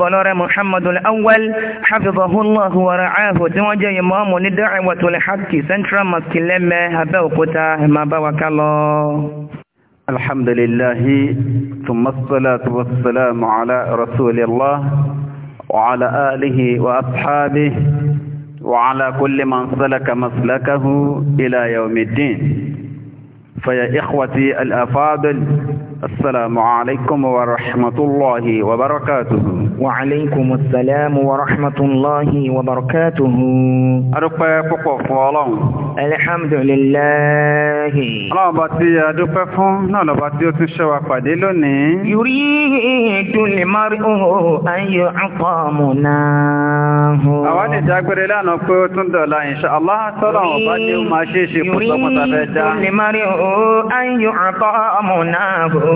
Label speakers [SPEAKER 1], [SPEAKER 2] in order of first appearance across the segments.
[SPEAKER 1] بلاره محمد الأول حفظه الله ورعاه توجه إمام الدعوة الحق سنترا مسكلمة
[SPEAKER 2] هبوكتا ما بوك الله الحمد لله ثم الصلاة والسلام على رسول الله وعلى آله وأصحابه وعلى كل من سلك مسلكه إلى يوم الدين فيا إخوتي الأفاضل السلام عليكم ورحمة الله وبركاته
[SPEAKER 1] وعليكم السلام ورحمة الله وبركاته
[SPEAKER 2] أدوكي بقو فولون الحمد لله الله باتي أدوكي فون نالا باتي أتشوى قديلوني
[SPEAKER 1] يريد المرء أن يعطى مناه
[SPEAKER 2] أواني جاكوري لانا كوي تندولا إن شاء الله الله سلام وباتي وماشيشي يريد المرء
[SPEAKER 1] أن يعطى مناه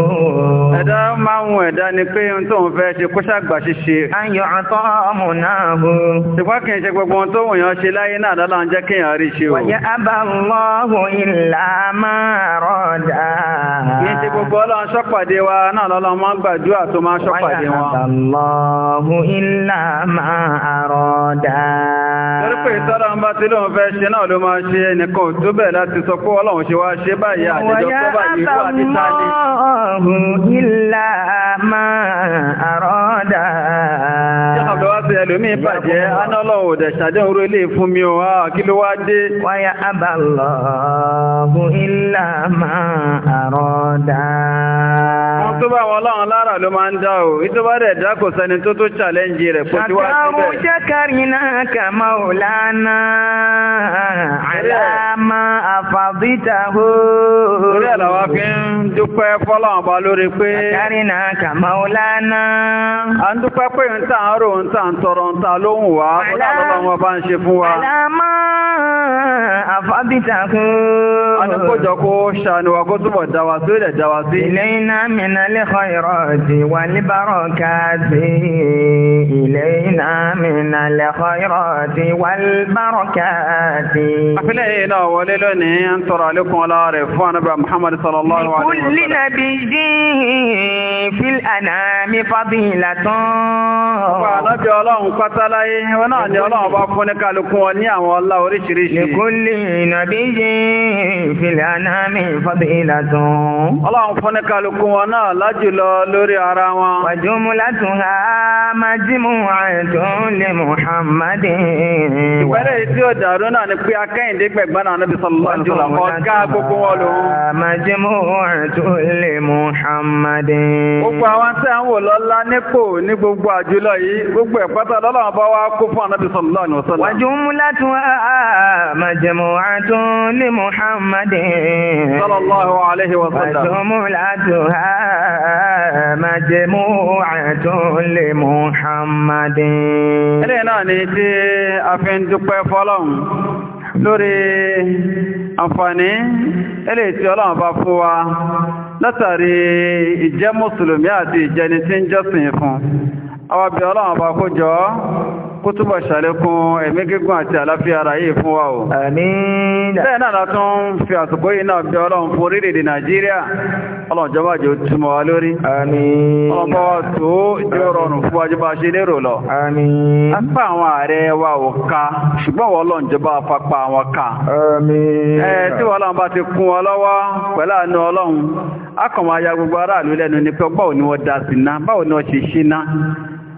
[SPEAKER 1] Ẹ̀dá
[SPEAKER 2] máa ń wọ̀n ẹ̀dá ni pé ohun tó ń fẹ́ ṣe kó ṣàgbà ṣíṣe. A
[SPEAKER 1] ń yọ àtọ́ ọmọ náà bú. Ṣùgbọ́n kìí ṣe gbogbo ohun tó wùyàn ṣe láyé náà lọ́la ń jẹ́ kí èèyàn rí ṣe o. Wàyẹ́ abàlọ́hù
[SPEAKER 2] ìlà máa rọ̀dà. Kìí ṣe gbogbo ọlọ́run
[SPEAKER 1] Allahu illa
[SPEAKER 2] ma arada. Ṣé wá sí ẹlòmí ìbàjẹ́ anọ́lọ́wò dẹ̀ ṣàdé oró illa ma arada dá ló máa ń dá o ìtò bá dẹ̀ dá kò sẹ́ni tó tó challenge rẹ̀ kó tí wá síbẹ̀. àtàwọn jẹ́
[SPEAKER 1] kárìnà kà Maulana
[SPEAKER 2] àlámà
[SPEAKER 1] àfàbítà
[SPEAKER 2] hó. orí ẹ̀ làwa fi ń dúpẹ́ fọ́lọ́run bá lórí pé. kárìnà kà Maulana. à ń dúpẹ́ pé ń tà rò ń tà tọrọ ń tà lóhùn wá ó dà lọ́wọ́ wọn bá ń ṣe fún wa.
[SPEAKER 1] àlámà àfàbítà hó. a ní kó kó
[SPEAKER 2] ṣàánú kó túbọ̀ dá wa sí ilẹ̀ dá wa sí. ìlẹ́yìn náà mìíràn
[SPEAKER 1] والبركات إلينا من الخيرات والبركات
[SPEAKER 2] أفلينا وللني أن ترى لكم العارف ونبع محمد صلى الله عليه وسلم
[SPEAKER 1] لكل نبي في الأنام فضيلة
[SPEAKER 2] ونبي الله قتلي ونعني الله بأفنك لكم والله ريش في الأنام فضيلة الله lórí ara wọn. Wàjúmú látún
[SPEAKER 1] ha máa jímú àìdùn lè Mùhàmmádì. Ìpẹ́lẹ̀ tí ó dàrú náà ni pé akẹ́yìndé gbẹ̀gbọ́n náà níbi sọ̀lọ́dúnrún ọ̀gá gbogbo wọn lòun. Máa jímú àìdùn lè Mùhàmmádì. Gbogbo àwọn tí à ń wò lọ́lá
[SPEAKER 2] nípò ní gbogbo àjùlọ yìí, gbogbo ẹ̀pẹ́tà lọ́lọ́run bá wá kó fún ànábì sọ̀lọ́dúnrún ọ̀sán. Wàjúmú látún ha máa jímú àìdùn
[SPEAKER 1] lè Mùhàmmádì. Sọlọ́lá majmu'atun li Muhammadin. Ilé náà ni tí
[SPEAKER 2] a fi ń dúpẹ́ fọ́lọ́hun lórí àǹfààní ilé tí ọlọ́run bá fún wa látàrí ìjẹ́ mùsùlùmí àti ìjẹni tí ń jọ́sìn fún. Àwọn ọlọ́run bá kó jọ kó túbọ̀ ṣàlékún ẹ̀mí gígùn àti àlàáfíà ara yìí fún wa o. àmín. bẹ́ẹ̀ náà látún fi àsìkò yìí náà bí ọlọ́run fún orílẹ̀-èdè nàìjíríà ọlọ́run jẹ́ túmọ̀ wa lórí. tó rọrùn fún wa bá ṣe lọ. àwọn wa ò ká ṣùgbọ́n wọ́n ká. ẹ ti kún ọ lọ́wọ́ pẹ̀lú àánú ọlọ́run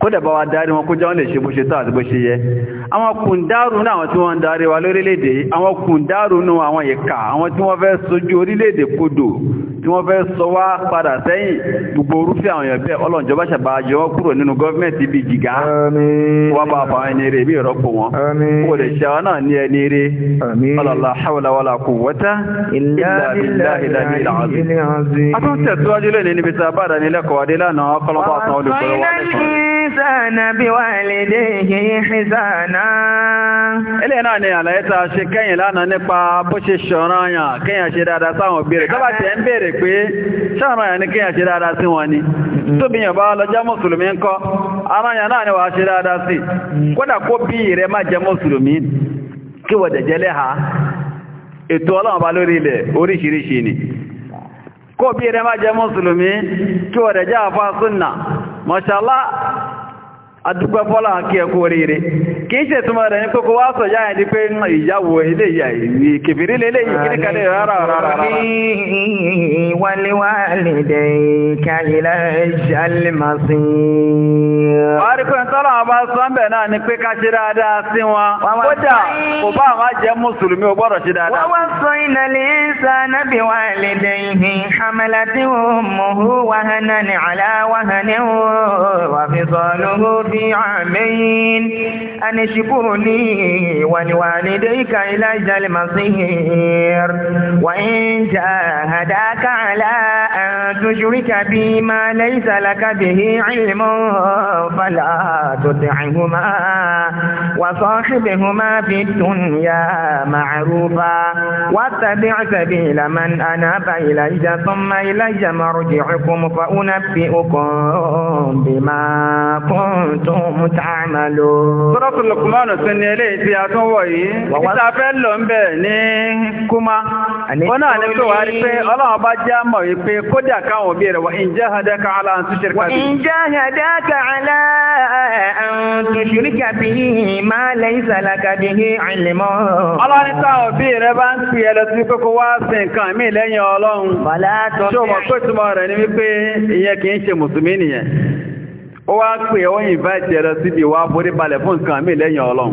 [SPEAKER 2] kódà bá wa darí wọn kó jẹ́ wọ́n lè ṣe bó ṣe tọ́ àti bó ṣe yẹ àwọn kùndàrú náà àwọn tí wọ́n ń darí wa lórílẹ̀-èdè àwọn kùndàrú náà àwọn ìka àwọn tí wọ́n fẹ́ sojú orílẹ̀-èdè kodò tí wọ́n fẹ́ sọ wá padà sẹ́yìn gbogbo orúfẹ́ àwọn èèyàn bẹ́ẹ̀ ọlọ́njọba ṣàbà yọ wọ́n kúrò nínú gọ́ọ̀mẹ̀ntì bíi gíga wọ́n bá bá ẹni rè bí ìrọ́pò wọn kò lè ṣe àwọn náà ní ẹni rè ọlọ́lá hawla wala quwwata illa billahi al-ali al-azim. a tún tẹ̀síwájú lónìí níbi tí a bá dání lẹ́kọ̀ọ́ adé lánàá kọ́lọ́pàá san olùkọ́lọ́wọ́
[SPEAKER 1] ele بوالديه إحسانا
[SPEAKER 2] ilé náà ni àlàyé tá a ṣe kẹ́yìn lánàá nípa bó ṣe ṣọ̀ràn yàn ṣe dáadáa sáwọn òbí rẹ̀ tó ń pé ni ṣe dáadáa sí wọn ni tóbi yàn bá lọ náà ni ṣe dáadáa sí kódà kó bí má mùsùlùmí kí wọ́n ètò ni kó bí rẹ má jẹ́ mùsùlùmí kí wọ́n rẹ̀ jẹ́ àfáà súnnà mashallah adúgbẹ́ fọ́lá kí ẹkú oríire kì í ṣe túnmọ̀ rẹ̀ ní kókó wá sọ yáyẹ ní pé ìyàwó ilé ìyàwó kèfèrí lélẹ̀ yìí kí ní kalẹ̀ rárá rárá
[SPEAKER 1] wàlíwàlìdẹ̀ kàílẹ̀ ṣàlìmàsí wáríkùn tọ́lọ̀ ọba sọ́mbẹ̀ náà ni pé ká ṣe dáadáa sí wọn kódà kò bá àmá jẹ́ mùsùlùmí ó gbọ́dọ̀ ṣe dáadáa wọ́n wọ́n sọ ìnàlẹ̀ sànàbí wàlìdẹ̀ yìí hamalatihu mọ̀hú wàhánà ní aláwàhánà wàfisọ́lùmọ́ ذي عامين أن اشكر لي ولوالديك إلي المصير وإن جاهداك على أن تشرك بي ما ليس لك به علم فلا تطعهما وصاحبهما في الدنيا معروفا واتبع سبيل من أناب إلي ثم إلي مرجعكم فأنبئكم بما كنتم kuntum ta'malun. Sọ́rọ́tù Luqman tún ní eléyìí tí a tún wọ̀ yìí. Títà fẹ́ lọ ń bẹ̀ ní Kúmá. Wọ́n náà ní tó wá rí pé Ọlọ́run bá já mọ̀ yìí pé kódà káwọn òbí rẹ̀ in jahadaka ala
[SPEAKER 2] an tushrika bihi. Wa in jahadaka
[SPEAKER 1] ala an tushrika bihi ma laysa laka bihi ilmun. Ọlọ́run táwọn òbí rẹ̀ bá ń pè ẹ lọ sí kókó
[SPEAKER 2] wá sí nǹkan mí lẹ́yìn Ọlọ́run. Bàlá tó ń bẹ̀. Ṣé o mọ̀ ni wípé ìyẹn kì í ṣe Mùsùlùmí nìyẹn? ó wá pè ó yìnbá ìtẹ̀rẹ síbi wá forí balẹ̀ fún nǹkan mí lẹ́yìn ọlọ́run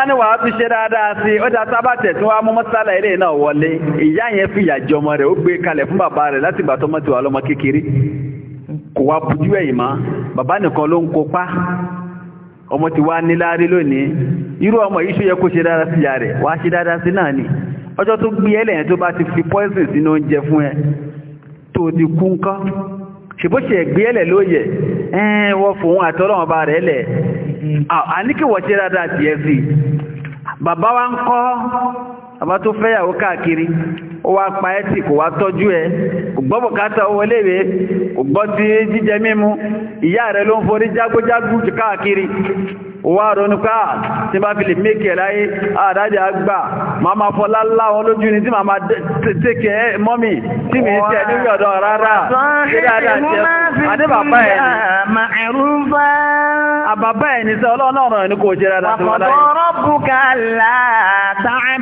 [SPEAKER 2] wá ní wàá fi ṣe dáadáa sí ó dá sábàtẹ̀ tí wàá mú mọ́sálà ilé náà wọlé ìyá yẹn fi ìyà jọmọ rẹ̀ ó gbé kalẹ̀ fún bàbá rẹ̀ láti ìgbà tọ́mọ ti wà lọ́mọ kékeré kò wá bujú ẹ̀yìn mọ́ bàbá nìkan ló ń kópa ọmọ ti wá níláárí lónìí irú ọmọ yìí ṣó yẹ kó ṣe dáadáa sí ìyá rẹ̀ wàá ṣe dáadáa sí náà ni ọjọ́ tó gbé ẹlẹ́yìn tó bá ti fi poison sínú oúnjẹ fún ẹ tó ti kú ńkọ́ ṣèbó ẹ̀gbé ẹlẹ̀ lóye ẹ̀ẹ́n wọ́n fòun àtọ́lọ́wọ́n ba rẹ̀ lẹ̀ Ah, a ní kí wọ́n ṣe dáadáa tiẹ̀ sí bàbá wa ń kọ́ àbá tó fẹ́yàwó káàkiri ó wá pa ẹ́ tì kò wá tọ́jú ẹ kò gbọ́ bùkátà owó léwe kò gbọ́ ti jíjẹ mímu ìyá rẹ ló ń forí jágójágú káàkiri ó wá ronú ah, tí bá fi lè mékì láyé ah, àdájẹ́ àgbà máa ma fọ́ lálá lójú ni tí máa tẹ́kẹ̀ eh, ẹ́ tí mi ń tẹ́ níbi ọ̀dọ̀ rárá àbàbá ẹ̀ ní sẹ́ ọlọ́run ẹ̀ ní kò jẹ́ rárá tó wọ́n láyé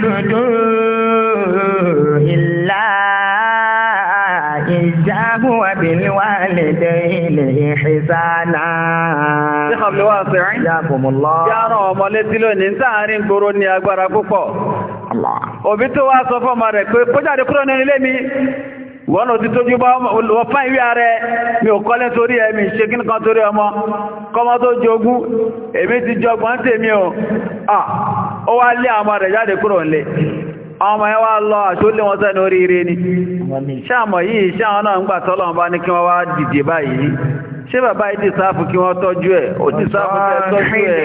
[SPEAKER 2] إلا
[SPEAKER 1] إياه وبالوالدين إحسانا Ìjọba wáṣẹ̀ rẹ̀.
[SPEAKER 2] Yára ọmọ létí lónìí, sáàrin gbòrò ní agbára púpọ̀. Òbí tó wá sọ fọ́mọ rẹ̀ pé, kó jáde kúrò nínú ilé mi, wọ́n ti tójú bá wọ́fán ìwé ààrẹ mi ò kọ́lé torí ẹ̀mí ṣe kí nìkan torí ọmọ kọmọ tó jogún èmi ti jọgbọ́n tèmi ò ó wá lé àwọn rẹ̀ jáde kúrò nílé ọmọ ẹwà wá lọ àṣólé wọn sẹ́nu oríire ni ṣáàmọ̀ yìí ṣáàmọ̀ náà ń gbà tọ́lọ̀ bá ní kí wọ́n wá dìde báyìí ṣe bàbá yìí sáàfù kí wọ́n tọ́jú ẹ̀ ó ti sáàfù kí tọ́jú ẹ̀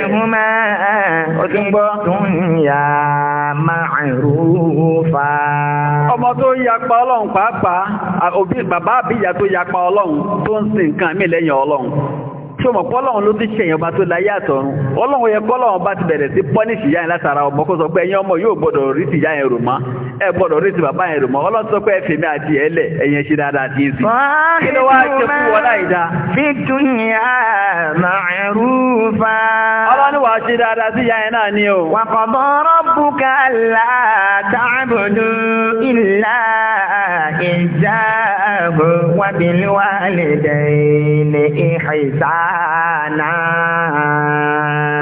[SPEAKER 2] ṣé o mọ̀ pé ọlọ́run ló ti ṣe èèyàn bá tó láyé àtọ̀run ọlọ́run yẹ kọ́lọ́run bá ti bẹ̀rẹ̀ sí pọ́nìṣì yá yẹn látara ọmọ kó sọ pé ẹ̀yin ọmọ yóò gbọ́dọ̀ rí ti yẹn rò mọ́ ẹ gbọ́dọ̀ rí ti bàbá yẹn rò mọ́ ọlọ́run sọ pé ẹ àti ẹ lẹ̀ ṣe dáadáa ti zi. kí ló wá ṣe fún wọn láì dá.
[SPEAKER 1] fi dunya ma'rufa.
[SPEAKER 2] ọlọ́run wàá ṣe dáadáa sí yá yẹn náà ni o. wa qada rabbuka alla ta'budu illa
[SPEAKER 1] iyyahu wa bil walidayni ihsana
[SPEAKER 2] náà.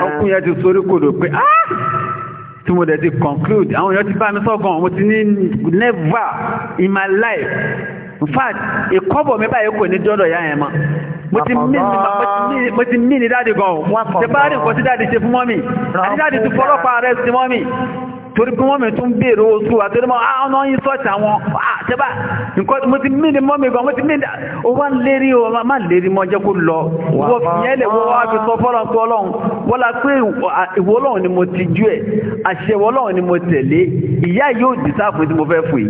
[SPEAKER 2] ọkùnrin yẹn ti sorí kodò pé ah! tí mo dẹ̀ ti conclude àwọn èèyàn ti bá mi sọ́gàn mo ti ní never in my life in fact ìkọ́bọ̀ mi báyìí kò ní dọ́dọ̀ ya yẹn mọ́ mo ti mí ni dáàdì gan o ṣe bá nǹkan tí dáàdì ṣe fún mọ́mì àti dáàdì ti fọlọ́pàá rẹ̀ sí mọ́mì torí pé wọ́n mi tún béèrè oṣù àtẹ́lẹ́mọ́ àwọn ọ̀yìn sọ́ọ̀tì àwọn àtẹ́bà ah, nǹkan mo ti mí ni mọ́mí gan mo ti mí o wá lérí o má lérí mọ́ jẹ́ kó lọ wọ́n fi yẹn wọ́n wá fi sọ fọ́lọ́n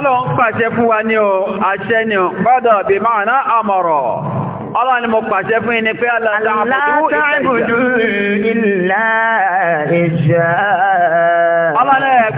[SPEAKER 2] Ọlọ́run pàṣẹ fún wa ní o, àṣẹ ni o, gbọ́dọ̀ bí máa ná àmọ̀rọ̀. Ọlọ́run mo pàṣẹ fún yín pé aláàtàbùdú ìlà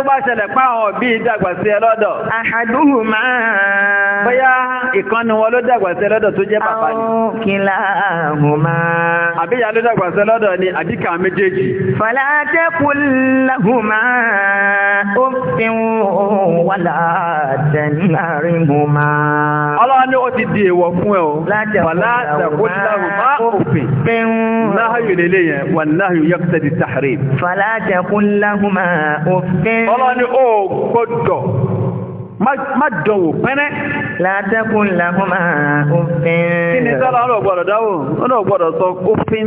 [SPEAKER 2] tó bá ṣẹlẹ̀ páwọn òbí dàgbà sí ẹ lọ́dọ̀. àhàdúhù máa. bóyá ìkan ni wọn ló dàgbà sí ẹ tó jẹ́ bàbá ni. àwọn kìlá àhùn máa. àbí ìyá ló dàgbà sí ẹ ni àbí méjèèjì. fàlà tẹ́kùn
[SPEAKER 1] làhùn máa. ó fi ń wàlà tẹ̀ ń
[SPEAKER 2] láàrin hùn máa wá ní ó ti di èèwọ̀ fún ẹ̀ o
[SPEAKER 1] fàlátàkótìláhù máa òfin òfin ọlọ́ni ó gbọ́dọ̀ má dọ̀wò pẹ́rẹ́. látẹ́kùn làkúnmá
[SPEAKER 2] òfin. kí ni sọ́lá ọ̀nà ọ̀gbọ̀dọ̀ dáwò ọ̀nà ọ̀gbọ̀dọ̀ sọ òfin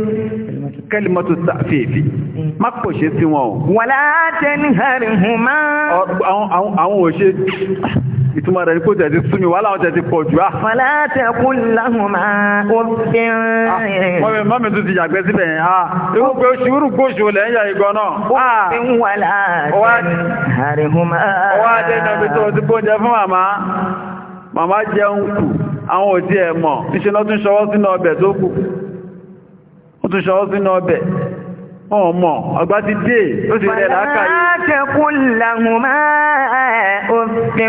[SPEAKER 2] kẹ́lìmọ́tò sáfèèfì má pò ṣe sí wọn o. wàlá tẹ́ni hàrì ìtumọ̀ rẹ̀ ní kò tẹ̀ ti súnmi wàhálà wọn tẹ̀ ti pọ̀ jù á.
[SPEAKER 1] fọlá tẹ kú lọ́hùn máa ó fi ń rìn.
[SPEAKER 2] wọ́n mi mọ́ mi tún ti yàgbẹ́ síbẹ̀ yẹn. ewu ah. pé oṣù gbòòṣù lẹ̀ ń yà igan náà. Ah. ó fi ń wà
[SPEAKER 1] láàrin àrèhùn
[SPEAKER 2] ọwọ́ adé náà fi tó o ti bóúnjẹ fún màmá màmá jẹun kù àwọn òdì ẹ̀ mọ̀ níṣẹ́ lọ́ tún ṣọwọ́ sínú ọbẹ̀ tó kù ó tún ṣọwọ́ sínú ọbẹ̀ ọmọ ọgbà ti dé ó sì rẹ̀ lákàáyé. fọlá tẹ kú lọ́hùn máa ní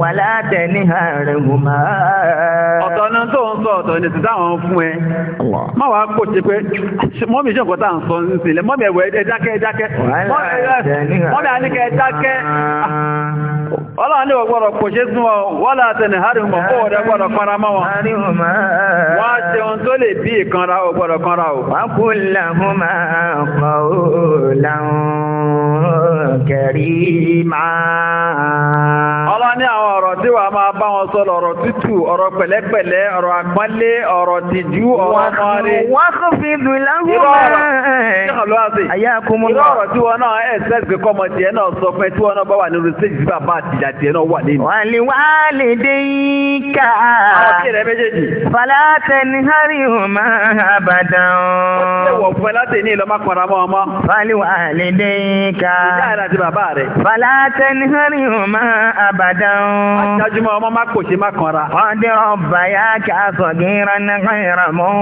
[SPEAKER 2] wà
[SPEAKER 1] látẹ̀ ní
[SPEAKER 2] ààrẹ̀gùn
[SPEAKER 1] máa.
[SPEAKER 2] ọ̀tọ̀ náà tó ń sọ ọ̀tọ̀ ní ti táwọn fún ẹ má wàá kò ṣe pé mọ́mí ṣe nǹkan tá à ń sọ nísìnyí mọ́mí ẹ̀wọ̀ ẹ̀dákẹ́ ẹ̀dákẹ́ mọ́mí àníkẹ́ ẹ̀dákẹ́ Ọlá ní ọgbọ́rọ̀ kò ṣe sún wọn wọ́n láti ní harin mọ̀ fún ọ̀rẹ́ gbọ́rọ̀ kanra mọ́ wọn. Wọ́n ṣe ohun tó lè bí ìkanra
[SPEAKER 1] ọgbọ́rọ̀ kanra ò. Wọ́n kú làmú máa kọ̀ ó
[SPEAKER 2] láwọn kẹrí máa. Ọlá ní àwọn ọ̀rọ̀ tí wàá máa bá wọn sọ ọ̀rọ̀ tútù, ọ̀rọ̀ pẹ̀lẹ́pẹ̀lẹ́, ọ̀rọ̀ àpọ́nlé, ọ̀rọ̀ tìjú, ọ̀rọ̀ ọmọdé. Wọ́n kò
[SPEAKER 1] fi dùn láhùn
[SPEAKER 2] àtìjà tiẹ̀ náà wà lẹ́nu. wà ní
[SPEAKER 1] wà lè dé ká. àwọn tí rẹ méjèèjì. fàlà tẹni hàrí hùmà àbàdàn. ó ti wọ̀ fún ẹ láti ní ìlọ́mà kan ramọ́ ọmọ. wà ní dé ká. ìyá
[SPEAKER 2] rẹ àti bàbá rẹ.
[SPEAKER 1] fàlà tẹni hàrí hùmà àbàdàn. àjájúmọ́ ọmọ má kò ṣe má kan ọdẹ ọba yá ká sọ̀gìnrà náà ìrà mọ́.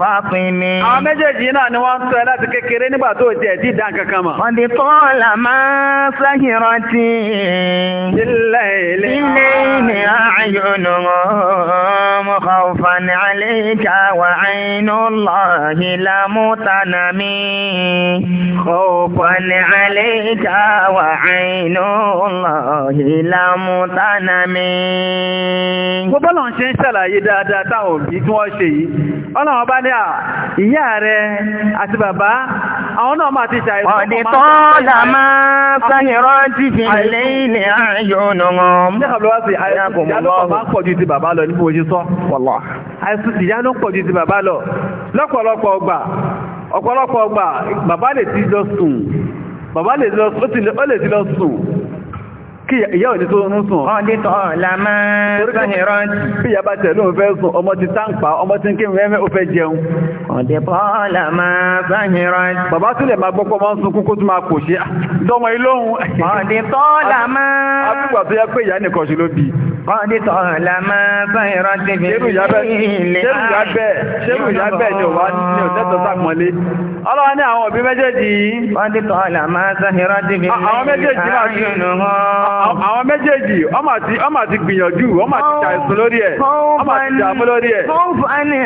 [SPEAKER 1] Fátímì. Àwọn méjèèjì náà ni wọ́n ń sọ ẹ láti kékeré nígbà tó jẹ́ ẹ̀dí ìdá kankan mọ̀.
[SPEAKER 2] Wọ́n ti tọ́ là máa sáhìrán tí. Ilé ilé ilé ilé ayọ̀nù
[SPEAKER 1] mọ̀ khawfan alayka wa aynu Allahi lamutanami. Khawfan alayka wa aynu Allahi lamutanami. Gbogbo náà
[SPEAKER 2] ṣe ń ṣàlàyé dáadáa táwọn òbí tí wọ́n ṣe yìí. Ọlọ́run bá ní à ìyá rẹ̀ àti bàbá àwọn náà máa ti ṣàìsàn. ọ̀dẹ̀ tó là máa sánirọ́ ti fi lé ní ṣé àbúrò àìsàn ìyá ló pọ̀ ju lọ níbo ṣe sọ. àìsàn ìyá ló pọ̀ ju ti bàbá lọ lọ́pọ̀lọpọ̀ ọgbà ọ̀pọ̀lọpọ̀ ọgbà kí ìyá òní tó ń sùn. ọdí tọ́ lámá sọ́hìrọ́ tí. bí ìyá bá tẹ̀lé òun fẹ́ sùn ọmọ ti táǹpà ọmọ ti ń kí mẹ́fẹ́ ó fẹ́ jẹun. ọdí tọ́ lámá sọ́hìrọ́ tí. bàbá tún lè máa gbọ́pọ̀ máa ń sun kókó tó máa kò ṣe. dọ́mọ ilóhun. ọdí tọ́ lámá. a Kọ́dí tọ́lá máa bá ìrọ́ ti fi ilé ààrẹ. Ṣérù ìyá bẹ́ẹ̀ ni ò wá ní òtẹ́tọ̀ sàpọ̀lé.
[SPEAKER 1] Ọlọ́wọ́ ní àwọn òbí méjèèjì yìí. Kọ́dí tọ́lá máa sọ ìrọ́ ti fi ilé ààrẹ. Àwọn méjèèjì, ọmọ àti gbìyànjú, ọmọ àti ṣàìsùn lórí ẹ̀. Ọmọ àti ṣàmú lórí ẹ̀. Ó fani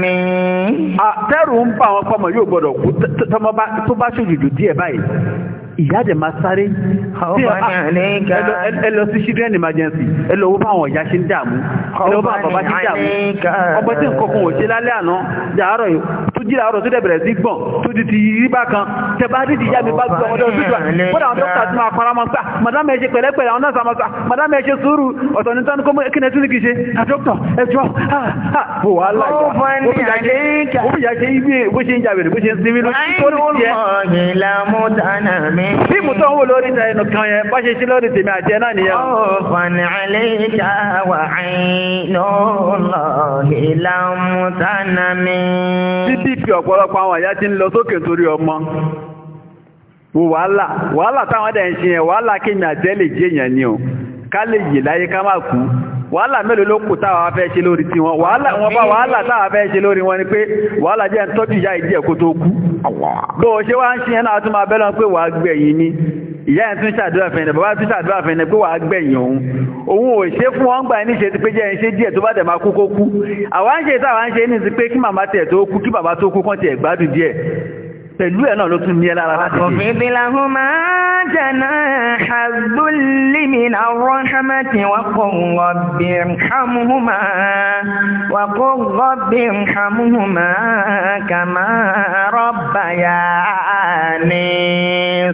[SPEAKER 2] mi. àtẹ̀rù ń bá àwọn ọkọ̀ ọmọ yóò gbọ́dọ̀ kú tó bá ṣòjòjò díẹ̀ báyìí ìyá dẹ̀ máa sáré ẹ lọ sí children emergency ẹ lọ bá àwọn ìyá ṣe ń dààmú ẹ bá àwọn ṣe ń dààmú ọgbọ́n tí nǹkan kan ò ṣe lálẹ́ àná dàárọ̀ tó jí dàárọ̀ tó dẹ̀bẹ̀rẹ̀ sí gbọ̀n tó di ti yí bá kan tẹ bá dídì ìyá mi bá gbọ́ ọmọdé ọdún ah, ah, ah. tó fíìmù tó ń wò lórí ẹnu kan yẹn bá ṣe sí lórí tèmi àti ẹ náà nìyẹn. ọ̀fọ̀nì àlejò pdp ọ̀pọ̀lọpọ̀ àwọn àyà ti ń lọ sókè torí ọmọ wàhálà wàhálà táwọn ẹ̀dẹ̀ ń ṣe yẹn wàhálà ká lè yè láyé ká má kú wàhálà mélòó ló kù táwa fẹ́ ṣe lórí tiwọn wàhálà wọn bá wàhálà táwa fẹ́ ṣe lórí wọn ni pé wàhálà jẹ́ ń tọ́jú ìyá ìdí ẹ̀kó tó kú bó o ṣe wá ń ṣe yẹn náà tún máa bẹ́lọ́ pé wàá gbẹ̀yìn ni ìyá ẹ̀ tún ṣàdúrà fẹ́ni bàbá tún ṣàdúrà fẹ́ni pé wàá gbẹ̀yìn
[SPEAKER 1] pẹ̀lú ẹ̀ náà ló tún ní ẹ lára láti dé. ọ̀fẹ́ bí lahun máa jẹ̀nà àgbólímìnà rọ́hámẹ́tì wàkọ̀ rọ̀bìn hàmúhùmá wàkọ̀ rọ̀bìn hàmúhùmá kàmá rọ́bàyà ní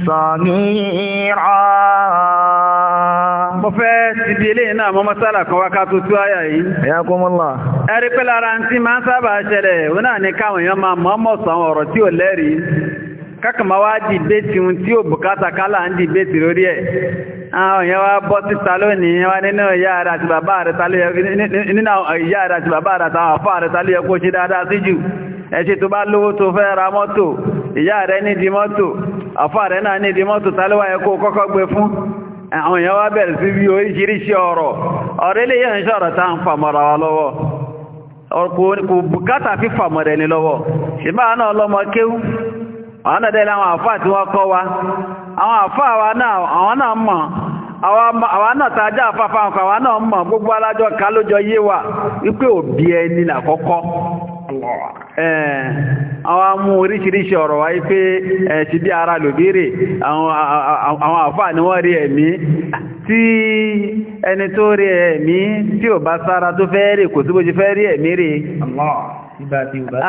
[SPEAKER 1] sọ̀mírọ̀.
[SPEAKER 2] mo fẹ́ ti di eléyìí náà mọ́mọ́sálà kan wákàtí tó àyà yìí. ẹ̀yà kọ́mọ́lá. ẹ̀rí pé lára ń tí máa ń sábà ṣẹlẹ̀ náà ni káwọn èèyàn máa mọ́mọ̀ sọ ọ̀rọ̀ tí ò lẹ́rìí kákàmá wá dìbé tí tí ò bùkátà kálà ń dìbé tí lórí ẹ̀ àwọn èèyàn wá bọ́ síta wá nínú ìyá rẹ̀ àti bàbá rẹ̀ rẹ̀ ṣe dáadáa sí jù tó bá lówó tó fẹ́ ra mọ́tò ìyá rẹ̀ mọ́tò rẹ̀ náà Bukata bùkátà fífà mọ̀rẹ̀ ní lọ́wọ́ ṣìbá náà lọ́mọ kéwú àwọn àwọn àfáà tí wọ́n kọ́ wa àwọn àfáà àwọn náà mọ̀ àwọn náà tàájá àfáà fáwọn gbogbo alájọ́ ká lójọ wípé òbí ẹni làkọ́kọ́ Eh, àwọn amú oríṣiríṣi ọ̀rọ̀ wáyé pé ẹ̀ṣì eh, bí ara lòbírè àwọn àfáà ni wọ́n rí ẹ̀mí tí ẹni tó rí ẹ̀mí tí ò bá sára tó fẹ́ rí kò síbò jí fẹ́ rí ẹ̀mí rí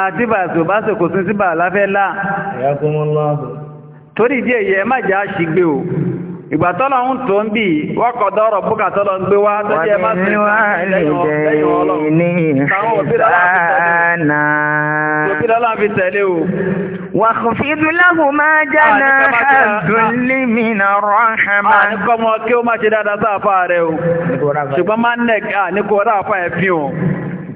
[SPEAKER 2] àtíbà tí ò bá sọ kò sí síbà láfẹ́ lá ìgbà tọ́lọ ń tó ń bí wọ́kọ̀dọ́ ọ̀rọ̀ búkà tọ́lọ ń gbé wá tó jẹ́ má sí
[SPEAKER 1] وَخْفِضْ لَهُمَا جَنَاحَ الذُّلِّ مِنَ الرَّحْمَةِ Àníkọ́ mọ́ kí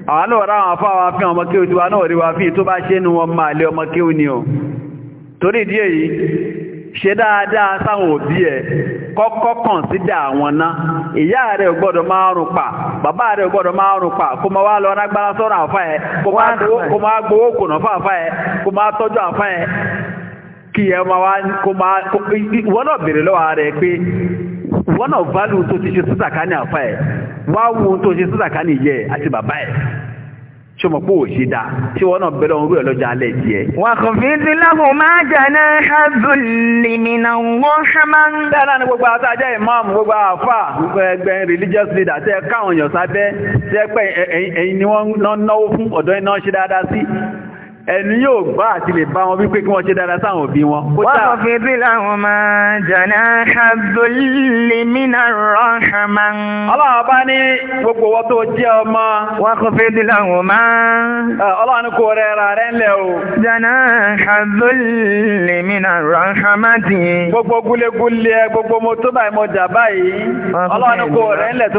[SPEAKER 2] ah, àwọn náà ráwọn ọmọ kí o ti wá náà rí wa fi tó bá ṣe nù wọn máa lé ọmọ kí o ní o torí ìdí èyí ṣe dáadáa sáwọn òbí ẹ kọ́kọ́ kàn sí dà wọn ná ìyá rẹ̀ gbọ́dọ̀ máa rùn pa bàbá rẹ̀ gbọ́dọ̀ máa rùn pa kó máa wá lọ rágbára sọ́rọ̀ àfa ẹ kó máa gbowó kùnà fún àfa ẹ kó máa tọ́jú àfa ẹ kí tí o mọ̀ pé ò ṣe dáa tí wọ́n náà bẹ̀rẹ̀ orú ẹ̀ alẹ́ tiẹ̀. wà kò
[SPEAKER 1] fi ti láhùn máa jẹ̀nà ẹ̀dùnlé mìíràn wọ́n ṣe
[SPEAKER 2] dáadáa ni gbogbo àti ajá imam gbogbo àfà ẹgbẹ́ religious leader tẹ́ káwọn èèyàn sábẹ́ tẹ́ pẹ́ ẹ̀yin ni wọ́n náwó fún ọ̀dọ́ iná ṣe dáadáa sí ẹni yóò gbá àti lè bá wọn wípé kí wọ́n ṣe dára sáwọn òbí wọn. wọ́n fi bí láwọn máa jàná àbúlé mínà rọ́hàmá. ọlọ́run bá ní gbogbo wọ́n tó jẹ́ ọmọ. wọ́n kò fi bí láwọn máa. ọlọ́run kò rẹ ra rẹ ńlẹ̀ o.
[SPEAKER 1] jàná àbúlé mínà rọ́hàmá ti. gbogbo gúlégúlé ẹ gbogbo mo tó
[SPEAKER 2] báyìí mo jà báyìí. ọlọ́run kò rẹ ńlẹ̀ tó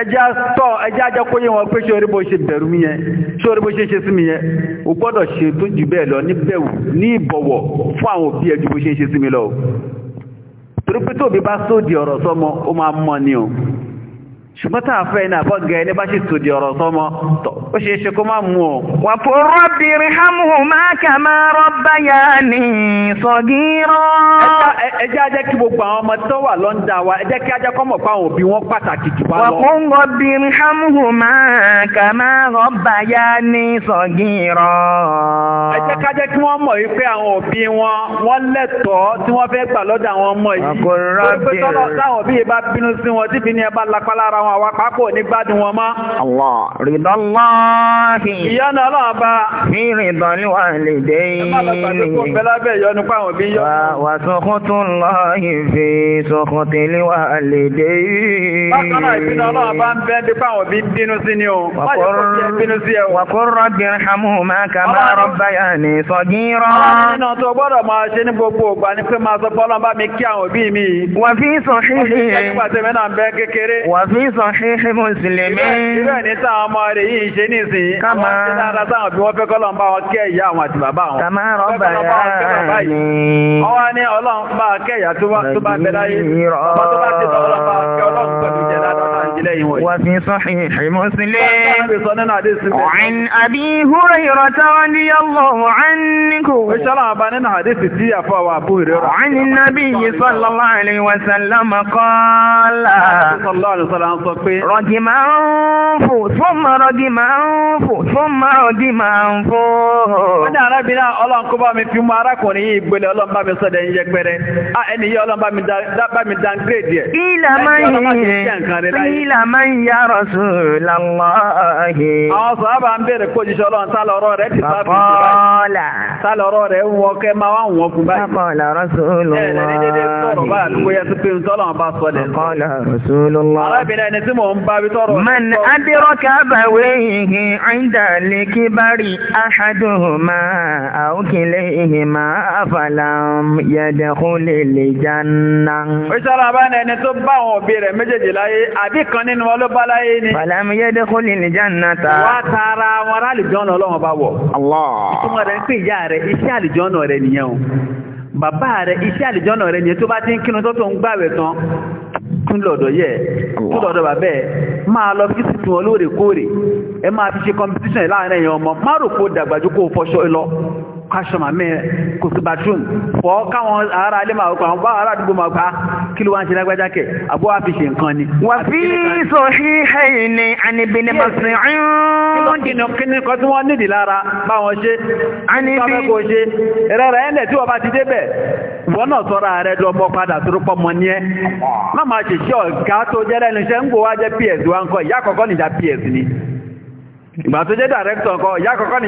[SPEAKER 2] ẹjá tọ́ ẹjá jẹ́ kó yé wọn pé ṣe oríbo ṣe bẹ̀rù mi yẹn ṣe oríbo ṣe ṣe sí mi yẹn o gbọ́dọ̀ ṣe tó jù bẹ́ẹ̀ lọ ní bẹ̀rù ní ìbọ̀wọ̀ fún àwọn òbí ẹ ju bó ṣe ṣe sí mi lọ torí tóbi bá sódì ọ̀rọ̀ sọ́mọ ó máa mọ́ ni o ṣùgbọ́n tá a fẹ́ iná àbọ̀ ní bá ṣe tòdì ọ̀rọ̀ sọmọ ó ṣe ṣe kó má mú o. wà fún rọ́bìnrin hámùhùmá kà máa rọ́bà yá ni sọ̀gírọ́. ẹ ajẹ́ kí gbogbo àwọn ọmọ tó wà lọ́ńdà wa ẹ kí ajẹ́ kọ́ mọ̀ pé àwọn òbí wọn pàtàkì jù wá lọ. wà fún
[SPEAKER 1] rọ́bìnrin hámùhùmá kà máa rọ́bà yá ni sọ̀gírọ́.
[SPEAKER 2] ẹ kájẹ́ kí wọ́n mọ̀ wípé àwọn òbí wọn wọ́n lẹ́tọ̀ọ́ tí wọ́n fẹ́ gbà lọ́dọ̀ àwọn ọmọ yìí. àkòrò rọ́bìnrin àwa pápọ̀ ní gbádùn wọn mọ́.
[SPEAKER 1] Allah ridọ́láàfin. Ìyáná ọlọ́run bá. Fi ridọ́lí wà lè dé yìí. Wà sọ́kún tó ń lọ ìfẹ́ sọ́kún tẹ̀lé wà lè dé yìí. Bákan náà ìbínú ọlọ́run ní pé
[SPEAKER 2] máa sọ pé bá mi kí àwọn òbí mi. Wà fi sọ sahihi mùsùlùmí. Irú ẹni tí àwọn ọmọ rẹ̀ yìí ṣe ní ìsìn yìí. Kàmá. Àwọn tí dára táwọn bí wọ́n fẹ́ kọ́ lọ́n bá wọn kẹ́ ìyá àwọn àti bàbá wọn. Kàmá rọ́bà yá ni. Wọ́n wá ní ọlọ́run bá kẹ́ ìyá tó bá bẹ láyé. Bàbá tó bá ti tọ́ ọlọ́run bá kẹ́ ọlọ́run pẹ̀lú lẹ́yìn wọ̀nyí. wà fi sahih Muslim. ọ̀hìn
[SPEAKER 1] Abi Hurairah radiyallahu anhu. ó ṣọ́lá àbá nínú àdísì tí àfọ́
[SPEAKER 2] àwọn àbú ìrẹ́rọ̀.
[SPEAKER 1] ọ̀hìn nabiyyi sallallahu alaihi wa sallam qala. rọ̀gìmá ń fò thumma rọ̀gìmá
[SPEAKER 2] arábìnrin ọlọ́run mi fi mú arákùnrin yìí gbélé ọlọ́run mi sọ́dẹ̀ yín ah, ẹni yìí ọlọ́run mi downgrade yẹ. ìlà máa qila man ya rasulallahi. àwọn sọ́ọ́bà ń bèèrè kó jíṣọ́ lọ́n sálọ̀rọ̀ rẹ̀ ti sábà ń wọ́kẹ́ máa wọ́n kú báyìí bá àdúgbò yẹ tó pé ń tọ́lọ̀ bá sọ lẹ̀. Qala Rasulullah. Arábìnrin ẹni tí mò ń bá
[SPEAKER 1] bí tọ́rọ. Man adraka bawayhi inda likibari ahaduhuma aw kilahuma falam yadkhulil jannah.
[SPEAKER 2] Ó sọ́rọ̀ bá ní ẹni tó bá àwọn òbí rẹ̀ méjèèjì láyé àbí kan nínú bá láyé ni.
[SPEAKER 1] Falam yadkhulil jannah ta. Wá ọlọ́run bá wọ̀. Allah.
[SPEAKER 2] bàbá rẹ̀ iṣẹ́ àlìjọ́nà rẹ̀ yẹn tó bá ti ń kírun tó tó ń gbàwẹ̀ tán tún lọ́dọ̀ tún lọ́dọ̀ bàbẹ́ máa lọ sí olóòrèkóòrè ẹ máa fi ṣe competition láàárín ẹ̀yàn ọmọ má rò kó dàgbàjú kó ịlọ. lọ kwasọ̀mà mẹ́ kò sí bathroom fọ́ káwọn ará alẹ́ máa kọ́ àwọn bá ará àdúgbò máa pa ah, kí ló wá ń ṣe lágbájá kẹ̀ fi ṣe nǹkan ni. wà á fi sahihayn ni àníbi ní bàtìrì ni kọ́ tí wọ́n nídìí lára bá wọn ṣe. àníbi kò ṣe rẹ̀rẹ̀ ẹ̀lẹ̀ tí wọ́n bá ti débẹ̀ wọ́n náà ps wa ps ni. ìgbà tó jẹ́ dàrẹ́kítọ̀ nǹkan ìyá kọ́kọ́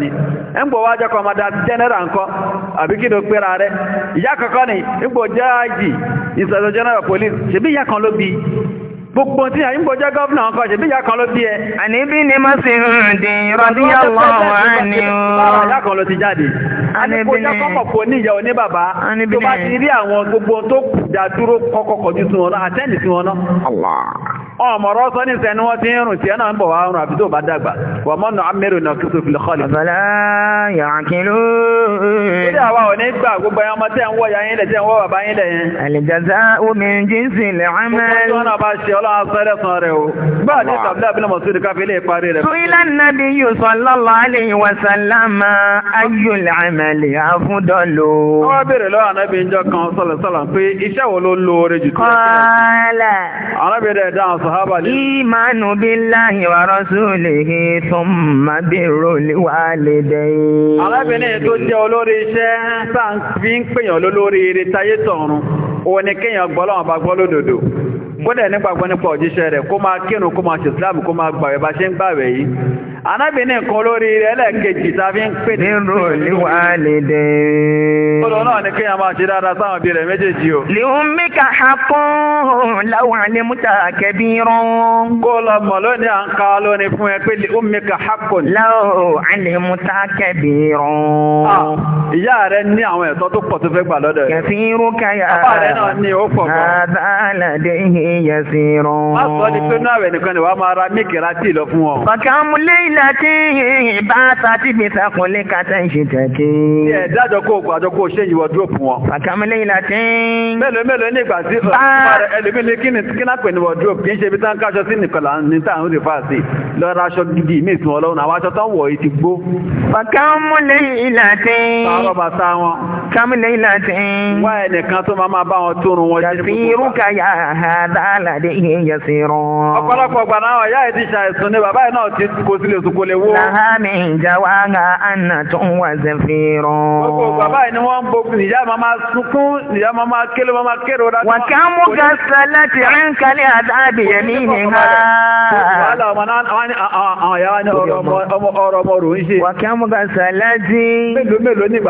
[SPEAKER 2] ni ń gbò wájọ́ kọ nkọ jẹ́nẹ́rà nǹkan àbí kí ló pẹ́ra ìyá ni jẹ́ general police ṣebí ìyá kan ló bí gbogbo tí a ń gbọ́jọ́ gọ́ọ̀nà ọkọ̀ ṣe ẹ. ni ìyá kan ló ti jáde. kò ní ìyá òní bàbá. ọmọ̀rọ̀ sọ ní sẹ́ni wọ́n ti ń rùn tí ẹ náà ń bọ̀ wá rùn àbí tó bá dàgbà wọ́n mọ́nà amẹ́rù náà kí so fìlẹ̀ kọ́lẹ̀. ọ̀bọ̀lá yàkínú. ìdí àwa ò ní gbà gbogbo ẹyàn ọmọ tẹ́ ń wọ ya yín lẹ̀ tẹ́ ń wọ
[SPEAKER 1] bàbá yín lẹ̀ yẹn. àlìjàzá omi jíǹsì lè amẹ́. gbogbo ọ̀nà bá ṣe ọlọ́run sọ̀hábà ní. ìmánu billahi wa rasulihi thumma birrul
[SPEAKER 2] walidayn. arábìnrin tó jẹ́ olórí iṣẹ́ fi ń pèèyàn lólórí ire táyé tọ̀run òun ni kéèyàn gbọ́lọ́wọ́n bá gbọ́ lódodo kódẹ̀ nígbàgbọ́ nípa òjíṣẹ́ rẹ̀ kó máa kínú kó máa ṣe islam kó máa gbàwẹ̀ bá ṣe ń gbàwẹ̀ yìí anábìnrin nǹkan olórí ẹlẹ́ẹ̀kejì tàbí ń pè ní rò níwà lédè ọ̀rọ̀ náà ni kí máa ṣe dáadáa sáwọn bí rẹ̀ méjèèjì o
[SPEAKER 1] lèun mẹ́ka hakún láwọn alẹ́múta kẹbí rán
[SPEAKER 2] kó lọ lónìí à ń ka lónìí fún ẹ pé lèun mẹ́ka hakún láwọn alẹ́múta kẹbí rán ìyá rẹ̀ ní àwọn ẹ̀tọ́ tó pọ̀ tó fẹ́ gbà lọ́dọ̀ rẹ̀ kẹfì rúkà yàrá yasira. Má sọ ni pé náà rẹ̀ nìkan ni wàá máa ra míkìrá tí lọ fún ọ.
[SPEAKER 1] Kàkàmú léyìnlá tí ìbá sátì fi sàkúnlé kàtà ìṣètàkì. Bí ẹ̀ dájọ́
[SPEAKER 2] kó o gbàjọ́ kó o ṣe ìwọ dúró fún wọn. Kàkàmú léyìnlá tí. Mélòó mélòó ní ìgbà tí ẹlòmí ní kíni kíná pè ní wọ̀dúró kì í ṣe ibi tá káṣọ sí nìkọlà ní tá à ń rìn fáàsì lọ́ra aṣọ gidi mí ìsìn ọlọ́run àwọn aṣọ tó wọ̀ yìí ti gbó.
[SPEAKER 1] Kàkàmú léyìnlá tí. Sọ̀rọ̀ bàtà wọn. Kàkàmú léyìnlá tí. Wá ẹnìkan tó
[SPEAKER 2] máa máa bá wọn tó
[SPEAKER 1] aládéhìí yasirun. ọ̀pọ̀lọpọ̀ gbàná ọ̀yá ẹ̀ ti ṣàìsùn ni bàbá ẹ̀ náà ti
[SPEAKER 2] kò sí lè sùkò lè wó. làhámi ìjàwá
[SPEAKER 1] ga àna tó ń wà zẹ̀fìrún. gbogbo bàbá ẹ̀ ni wọ́n ń gbogbo ìyá mama sunkún ìyá mama
[SPEAKER 2] kéle mama kéle ọ̀dà. wà ká mú ga sálẹ̀ tí ń kalẹ̀ àdáàbì yẹmí ni ha. wàhálà ọmọ náà àwọn ìyá wa ní ọ̀rọ̀ ọmọ rò ń ṣe. wà ká mú ga sálẹ̀ tí ń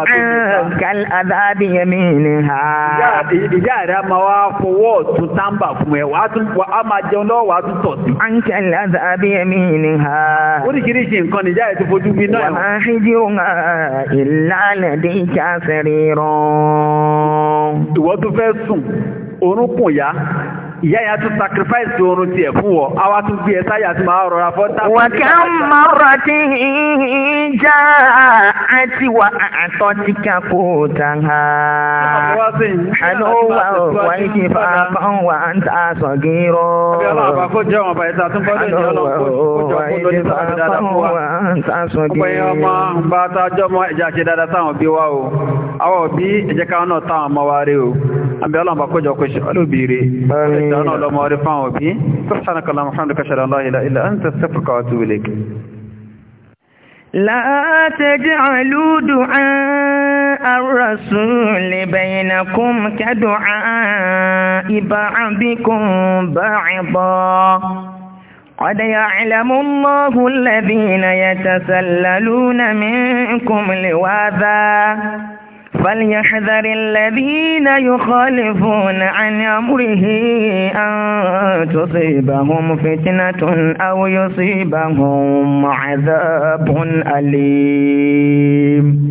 [SPEAKER 2] kalẹ̀ àdáàbì yẹmí ni ha. ìjà rẹ̀ máa wá fọwọ́ tún táǹbà fún ẹ ẹ̀ wàá tún wà á máa jẹun lọ́wọ́ wàá tún tọ̀ sí.
[SPEAKER 1] àǹkà láti abiyami ni ha.
[SPEAKER 2] oríṣiríṣi nǹkan nìjà ẹ̀ tó fojú mi náà. wà á fi jí
[SPEAKER 1] òun ìlànà dé ìjà sẹ́rí rán. ìwọ
[SPEAKER 2] tún fẹ́ sùn orúnkún yá ìyá yẹn tún sacrifice tó oorun tiẹ̀ fún wọ àwa tún gbé ẹ sáyà tí màá rọra fọ́ dábàá. wà á mọ̀rọ̀ tí ìjà
[SPEAKER 1] àti wà àtọ́ ti kà kó tàn á. àná wà wà ìkí fà kàn wà ń tà sọ̀gìrọ̀. àbí kó tá a jọ
[SPEAKER 2] mọ ẹ̀jẹ̀ àti dáadáa táwọn bí wa o àwọn òbí ẹ̀jẹ̀ káwọn náà táwọn ọmọ wa rí o àbí ọlọ́mọ kó jọ ọlọ́bìnrin. انا ولا ما به سبحانك اللهم وبحمدك اشهد ان لا اله الا انت استغفرك واتوب اليك
[SPEAKER 1] لا تجعلوا دعاء الرسول بينكم كدعاء بعضكم بعضا قد يعلم الله الذين يتسللون منكم لواذا فليحذر الذين يخالفون عن أمره أن تصيبهم فتنة أو يصيبهم عذاب أليم